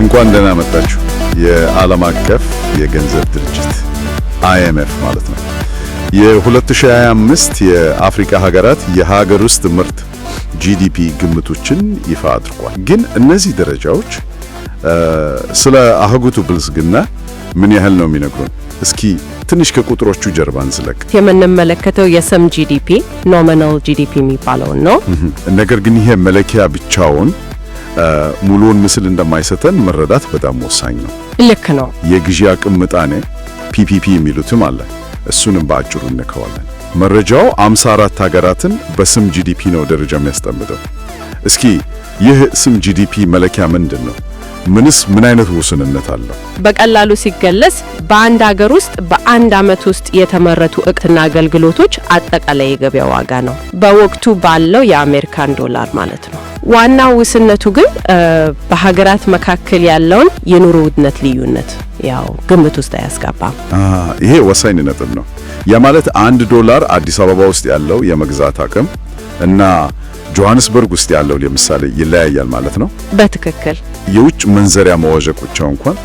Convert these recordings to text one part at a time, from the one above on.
እንኳን ደህና መጣችሁ። የዓለም አቀፍ የገንዘብ ድርጅት አይኤምኤፍ ማለት ነው። የ2025 የአፍሪካ ሀገራት የሀገር ውስጥ ምርት ጂዲፒ ግምቶችን ይፋ አድርጓል። ግን እነዚህ ደረጃዎች ስለ አህጉቱ ብልጽግና ምን ያህል ነው የሚነግሩን? እስኪ ትንሽ ከቁጥሮቹ ጀርባ እንዝለቅ። የምንመለከተው የሰም ጂዲፒ ኖሚናል ጂዲፒ የሚባለውን ነው። ነገር ግን ይሄ መለኪያ ብቻውን ሙሉውን ምስል እንደማይሰጠን መረዳት በጣም ወሳኝ ነው። ልክ ነው። የግዢ አቅም ምጣኔ ፒፒፒ የሚሉትም አለ። እሱንም በአጭሩ እንከዋለን። መረጃው 54 ሀገራትን በስም ጂዲፒ ነው ደረጃ የሚያስጠምጠው። እስኪ ይህ ስም ጂዲፒ መለኪያ ምንድን ነው? ምንስ ምን አይነት ውስንነት አለው? በቀላሉ ሲገለጽ በአንድ ሀገር ውስጥ በአንድ ዓመት ውስጥ የተመረቱ እቅትና አገልግሎቶች አጠቃላይ የገበያ ዋጋ ነው፣ በወቅቱ ባለው የአሜሪካን ዶላር ማለት ነው። ዋናው ውስነቱ ግን በሀገራት መካከል ያለውን የኑሮ ውድነት ልዩነት ያው ግምት ውስጥ አያስገባም። ይሄ ወሳኝ ነጥብ ነው። ያ ማለት አንድ ዶላር አዲስ አበባ ውስጥ ያለው የመግዛት አቅም እና ጆሃንስበርግ ውስጥ ያለው ለምሳሌ ይለያያል ማለት ነው። በትክክል የውጭ መንዘሪያ መዋዠቆቻው እንኳን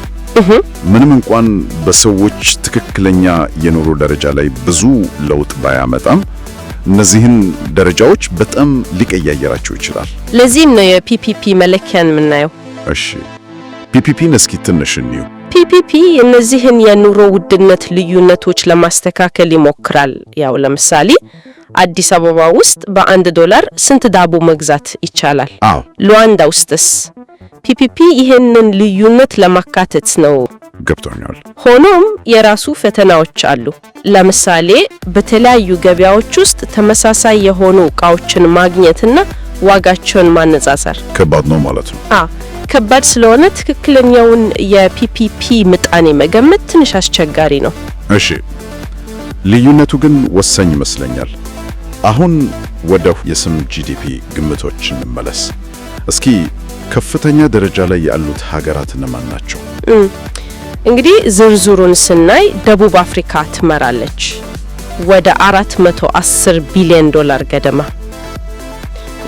ምንም እንኳን በሰዎች ትክክለኛ የኑሮ ደረጃ ላይ ብዙ ለውጥ ባያመጣም እነዚህን ደረጃዎች በጣም ሊቀያየራቸው ይችላል። ለዚህም ነው የፒፒፒ መለኪያን የምናየው። እሺ ፒፒፒን እስኪ ትንሽ እንዩ። ፒፒፒ እነዚህን የኑሮ ውድነት ልዩነቶች ለማስተካከል ይሞክራል። ያው ለምሳሌ አዲስ አበባ ውስጥ በአንድ ዶላር ስንት ዳቦ መግዛት ይቻላል? አዎ ሉዋንዳ ውስጥስ? ፒፒፒ ይህንን ልዩነት ለማካተት ነው ገብቶኛል። ሆኖም የራሱ ፈተናዎች አሉ። ለምሳሌ በተለያዩ ገበያዎች ውስጥ ተመሳሳይ የሆኑ እቃዎችን ማግኘትና ዋጋቸውን ማነጻጸር ከባድ ነው ማለት ነው። አ ከባድ ስለሆነ ትክክለኛውን የፒፒፒ ምጣኔ መገመት ትንሽ አስቸጋሪ ነው። እሺ፣ ልዩነቱ ግን ወሳኝ ይመስለኛል። አሁን ወደ የስም ጂዲፒ ግምቶች እንመለስ። እስኪ ከፍተኛ ደረጃ ላይ ያሉት ሀገራት እነማን ናቸው? እንግዲህ ዝርዝሩን ስናይ ደቡብ አፍሪካ ትመራለች ወደ 410 ቢሊዮን ዶላር ገደማ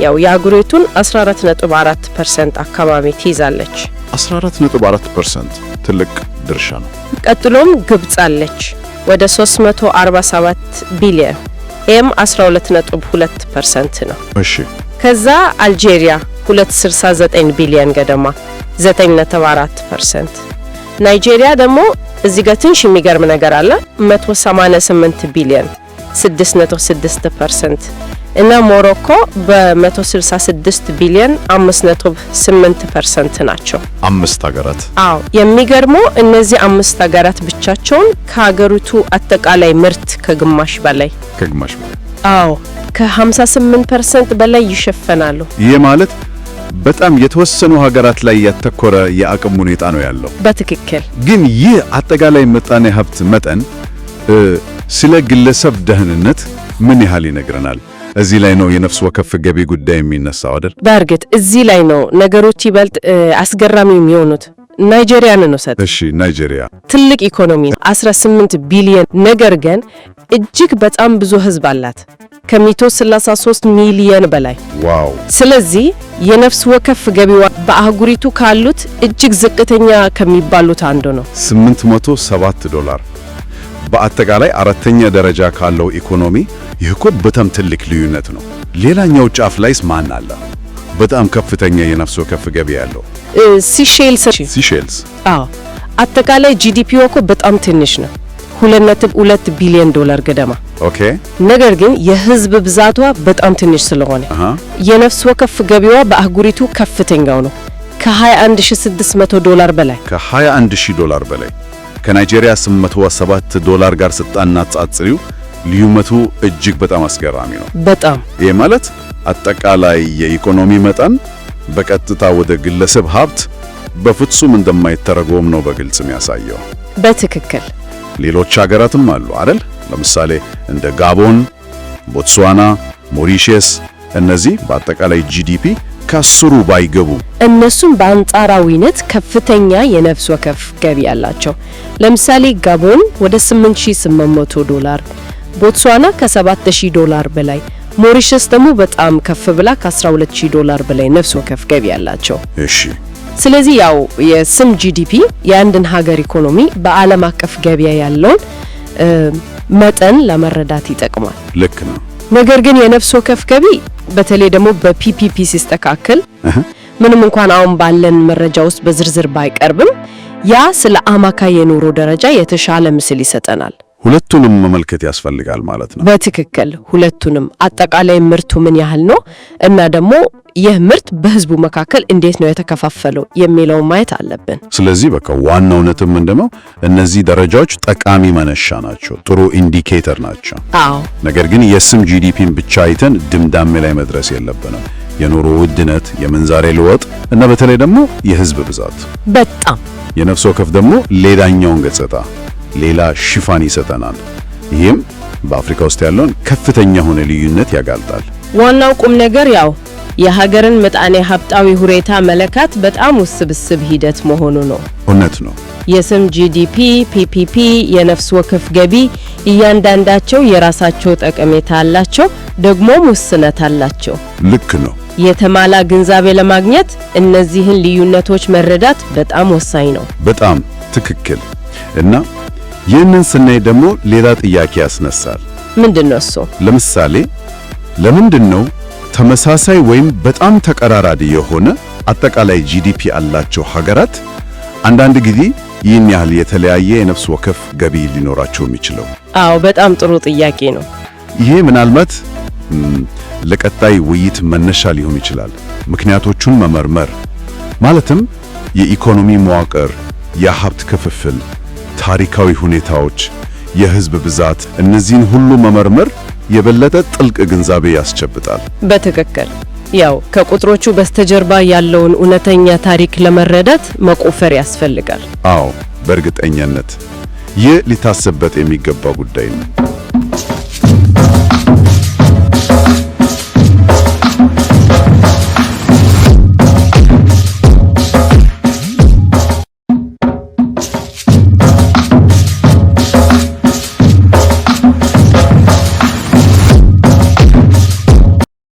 ያው የአህጉሪቱን 14.4% አካባቢ ትይዛለች። 14.4% ትልቅ ድርሻ ነው። ቀጥሎም ግብጽ አለች ወደ 347 ቢሊዮን ኤም 12.2% ነው። እሺ ከዛ አልጄሪያ 269 ቢሊዮን ገደማ 9.4% ናይጄሪያ ደግሞ እዚህ ጋር ትንሽ የሚገርም ነገር አለ። 188 ቢሊዮን 6.6 ፐርሰንት እና ሞሮኮ በ166 ቢሊዮን 5.8 ፐርሰንት ናቸው። አምስት ሀገራት። አዎ የሚገርመው እነዚህ አምስት ሀገራት ብቻቸውን ከሀገሪቱ አጠቃላይ ምርት ከግማሽ በላይ ከግማሽ በላይ አዎ ከ58 ፐርሰንት በላይ ይሸፈናሉ። ይህ ማለት በጣም የተወሰኑ ሀገራት ላይ ያተኮረ የአቅም ሁኔታ ነው ያለው። በትክክል ግን ይህ አጠቃላይ ምጣኔ ሀብት መጠን ስለ ግለሰብ ደህንነት ምን ያህል ይነግረናል? እዚህ ላይ ነው የነፍስ ወከፍ ገቢ ጉዳይ የሚነሳው አይደል? በእርግጥ እዚህ ላይ ነው ነገሮች ይበልጥ አስገራሚ የሚሆኑት። ናይጄሪያን እንውሰድ። እሺ፣ ናይጄሪያ ትልቅ ኢኮኖሚ 18 ቢሊዮን፣ ነገር ግን እጅግ በጣም ብዙ ህዝብ አላት። ከሚቶ 33 ሚሊየን በላይ ዋው! ስለዚህ የነፍስ ወከፍ ገቢዋ በአህጉሪቱ ካሉት እጅግ ዝቅተኛ ከሚባሉት አንዱ ነው። 807 ዶላር በአጠቃላይ አራተኛ ደረጃ ካለው ኢኮኖሚ ይህ እኮ በጣም ትልቅ ልዩነት ነው። ሌላኛው ጫፍ ላይስ ማን አለ? በጣም ከፍተኛ የነፍስ ወከፍ ገቢ ያለው ሲሼልስ። ሲሼልስ አዎ፣ አጠቃላይ ጂዲፒው እኮ በጣም ትንሽ ነው። 2.2 ቢሊዮን ዶላር ገደማ። ኦኬ። ነገር ግን የህዝብ ብዛቷ በጣም ትንሽ ስለሆነ የነፍስ ወከፍ ገቢዋ በአህጉሪቱ ከፍተኛው ነው፣ ከ21600 ዶላር በላይ ከ21000 ዶላር በላይ ከናይጄሪያ 807 ዶላር ጋር ስታነጻጽሪው ልዩነቱ እጅግ በጣም አስገራሚ ነው። በጣም ይህ ማለት አጠቃላይ የኢኮኖሚ መጠን በቀጥታ ወደ ግለሰብ ሀብት በፍጹም እንደማይተረጎም ነው በግልጽ የሚያሳየው። በትክክል ሌሎች ሀገራትም አሉ አይደል? ለምሳሌ እንደ ጋቦን፣ ቦትስዋና፣ ሞሪሼስ። እነዚህ በአጠቃላይ ጂዲፒ ከአስሩ ባይገቡ እነሱም በአንጻራዊነት ከፍተኛ የነፍስ ወከፍ ገቢ ያላቸው። ለምሳሌ ጋቦን ወደ 8800 ዶላር፣ ቦትስዋና ከ7000 ዶላር በላይ፣ ሞሪሸስ ደግሞ በጣም ከፍ ብላ ከ12000 ዶላር በላይ ነፍስ ወከፍ ገቢ ያላቸው። እሺ ስለዚህ ያው የስም ጂዲፒ የአንድን ሀገር ኢኮኖሚ በዓለም አቀፍ ገበያ ያለውን መጠን ለመረዳት ይጠቅማል። ልክ ነው። ነገር ግን የነፍስ ወከፍ ገቢ በተለይ ደግሞ በፒፒፒ ሲስተካከል ምንም እንኳን አሁን ባለን መረጃ ውስጥ በዝርዝር ባይቀርብም ያ ስለ አማካይ የኑሮ ደረጃ የተሻለ ምስል ይሰጠናል። ሁለቱንም መመልከት ያስፈልጋል ማለት ነው። በትክክል ሁለቱንም፣ አጠቃላይ ምርቱ ምን ያህል ነው እና ደግሞ ይህ ምርት በህዝቡ መካከል እንዴት ነው የተከፋፈለው የሚለው ማየት አለብን። ስለዚህ በቃ ዋናው ነጥብ ምንድነው? እነዚህ ደረጃዎች ጠቃሚ መነሻ ናቸው፣ ጥሩ ኢንዲኬተር ናቸው። አዎ፣ ነገር ግን የስም ጂዲፒን ብቻ አይተን ድምዳሜ ላይ መድረስ የለብንም። የኑሮ ውድነት፣ የምንዛሬ ለውጥ እና በተለይ ደግሞ የህዝብ ብዛት በጣም የነፍስ ወከፍ ደግሞ ሌላኛውን ገጽታ ሌላ ሽፋን ይሰጠናል። ይህም በአፍሪካ ውስጥ ያለውን ከፍተኛ የሆነ ልዩነት ያጋልጣል። ዋናው ቁም ነገር ያው የሀገርን ምጣኔ ሀብታዊ ሁኔታ መለካት በጣም ውስብስብ ሂደት መሆኑ ነው። እውነት ነው። የስም ጂዲፒ፣ ፒፒፒ፣ የነፍስ ወከፍ ገቢ እያንዳንዳቸው የራሳቸው ጠቀሜታ አላቸው፣ ደግሞም ውስነት አላቸው። ልክ ነው። የተሟላ ግንዛቤ ለማግኘት እነዚህን ልዩነቶች መረዳት በጣም ወሳኝ ነው። በጣም ትክክል እና ይህንን ስናይ ደግሞ ሌላ ጥያቄ ያስነሳል። ምንድን ነው እሱ? ለምሳሌ ለምንድን ነው ተመሳሳይ ወይም በጣም ተቀራራቢ የሆነ አጠቃላይ ጂዲፒ ያላቸው ሀገራት አንዳንድ ጊዜ ይህን ያህል የተለያየ የነፍስ ወከፍ ገቢ ሊኖራቸው የሚችለው? አዎ፣ በጣም ጥሩ ጥያቄ ነው። ይሄ ምናልባት ለቀጣይ ውይይት መነሻ ሊሆን ይችላል። ምክንያቶቹን መመርመር ማለትም የኢኮኖሚ መዋቅር፣ የሀብት ክፍፍል ታሪካዊ ሁኔታዎች፣ የህዝብ ብዛት፣ እነዚህን ሁሉ መመርመር የበለጠ ጥልቅ ግንዛቤ ያስጨብጣል። በትክክል ያው ከቁጥሮቹ በስተጀርባ ያለውን እውነተኛ ታሪክ ለመረዳት መቆፈር ያስፈልጋል። አዎ፣ በእርግጠኛነት ይህ ሊታሰብበት የሚገባ ጉዳይ ነው።